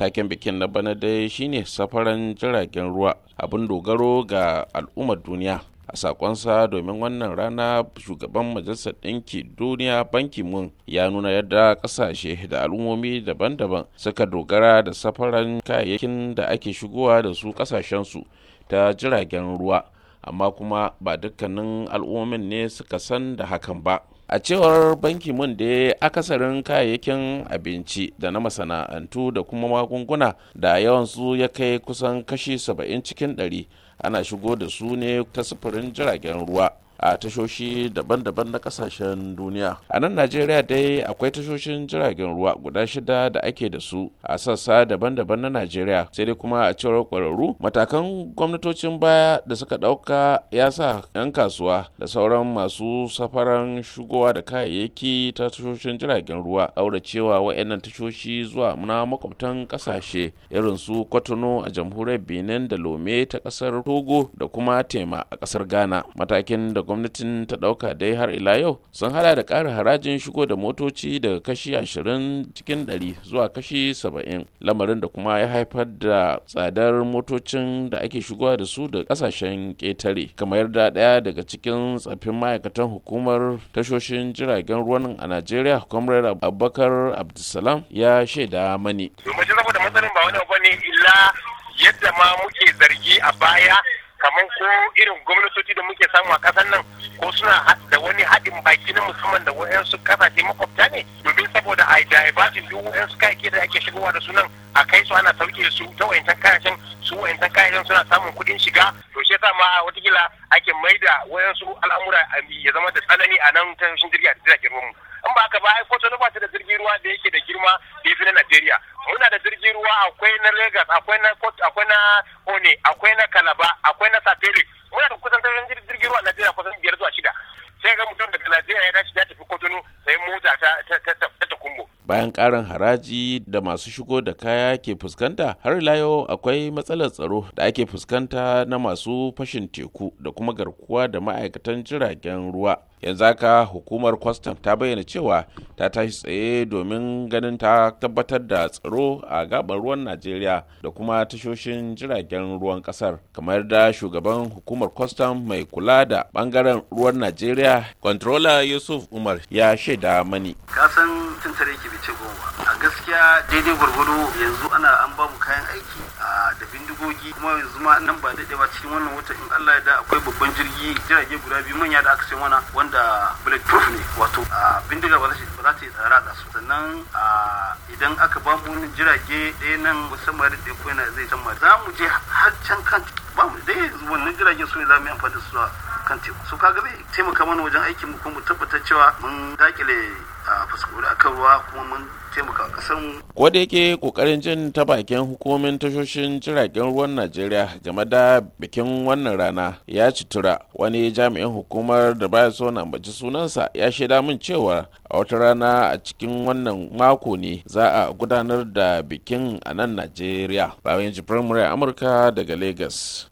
taken bikin na bana dai shine safaran jiragen ruwa abin dogaro ga al'ummar duniya a sakonsa domin wannan rana shugaban majalisar ɗinki duniya banki mun ya nuna yadda ƙasashe da al'ummomi daban-daban suka dogara da safaran kayayyakin da ake shigowa da su ƙasashensu ta jiragen ruwa amma kuma ba dukkanin al'ummomin ne suka san da hakan ba a cewar banki mun da akasarin kayayyakin abinci da na masana'antu da kuma magunguna da yawansu ya kai kusan kashi 70 cikin 100 ana shigo da su ne ta sufurin jiragen ruwa a tashoshi daban-daban na kasashen duniya a nan najeriya dai akwai tashoshin jiragen ruwa guda shida da ake da su a sassa daban-daban na najeriya sai dai kuma a cewar kwararru matakan gwamnatocin baya da suka ɗauka ya sa 'yan kasuwa da sauran masu safaran shigowa da kayayyaki ta tashoshin jiragen ruwa aure cewa wa'annan tashoshi zuwa na makwabtan kasashe irin su kwatano a jamhuriyar benin da lome ta kasar togo da kuma tema a kasar ghana matakin da gwamnatin ta ɗauka dai har ila yau sun hada da ƙara harajin shigo da motoci daga kashi 20 cikin 100 zuwa kashi 70 lamarin da kuma ya haifar da tsadar motocin da ake shigowa da su da kasashen ƙetare kamar yarda ɗaya daga cikin tsafin ma'aikatan hukumar tashoshin jiragen ruwan a najeriya comrade abubakar abdulsalam ya shaida mani. matsalin ba wani yadda ma muke zargi a kamar ko irin gwamnatoci da muke samu a kasar nan ko suna da wani haɗin baki na musamman da kasa ce makwabta ne domin saboda a divertin duk su kayayyaki da ake shigowa da sunan a kai su ana sauke su ta wayancan kayan su wayancan kayan suna samun kuɗin shiga to shi yasa ma watakila ake maida su al'amura ya zama da tsanani a nan ta jirgi a jiragen mu in ba haka ba ai ko ta da jirgin ruwa da yake da girma da ya fi na Najeriya muna da jirgin ruwa akwai na Legas akwai na Port akwai na One akwai na Kalaba akwai na Sapele muna da kusan tsayin jirgin ruwa a Najeriya kusan biyar zuwa shida sai ga mutum daga Najeriya ya tashi ya tafi Kotonu sai mota ta ta ta kumbo bayan karin haraji da masu shigo da kaya ke fuskanta har layo akwai matsalar tsaro da ake fuskanta na masu fashin teku da kuma garkuwa da ma'aikatan jiragen ruwa yanzu haka hukumar kwastam ta bayyana cewa ta tashi tsaye domin ganin ta tabbatar da tsaro a gabar ruwan najeriya da kuma tashoshin jiragen ruwan kasar kamar da shugaban hukumar kwastam mai kula da bangaren ruwan najeriya controller yusuf umar ya shaida mani kasan tuntare tare ki bice goma a gaskiya daidai gwargwado yanzu ana an bamu kayan aiki da bindigogi kuma yanzu ma nan ba daɗewa cikin wannan wata in allah ya da akwai babban jirgi jirage guda biyu manya da aka sai mana da bulletproof ne wato a bindiga ba za ta yi tsara da su sannan a idan aka ba mu jirage ɗaya nan musamman da ɗaya kuma zai samar za mu je har can kan ba mu dai wannan jiragen su ne za mu yi amfani da su kan teku su kaga zai taimaka mana wajen aikin mu kuma mu tabbatar cewa mun dakile fuskuri akan ruwa kuma mun taimaka kasanmu. yake kokarin jin ta bakin hukumomin tashoshin jiragen ruwan Najeriya game da bikin wannan rana ya citura wani jami'in hukumar da baya so na ambaci sunansa ya shaida min cewa a wata rana a cikin wannan mako ne za a gudanar da bikin a nan Najeriya. Bayan jibrin Amurka daga lagos.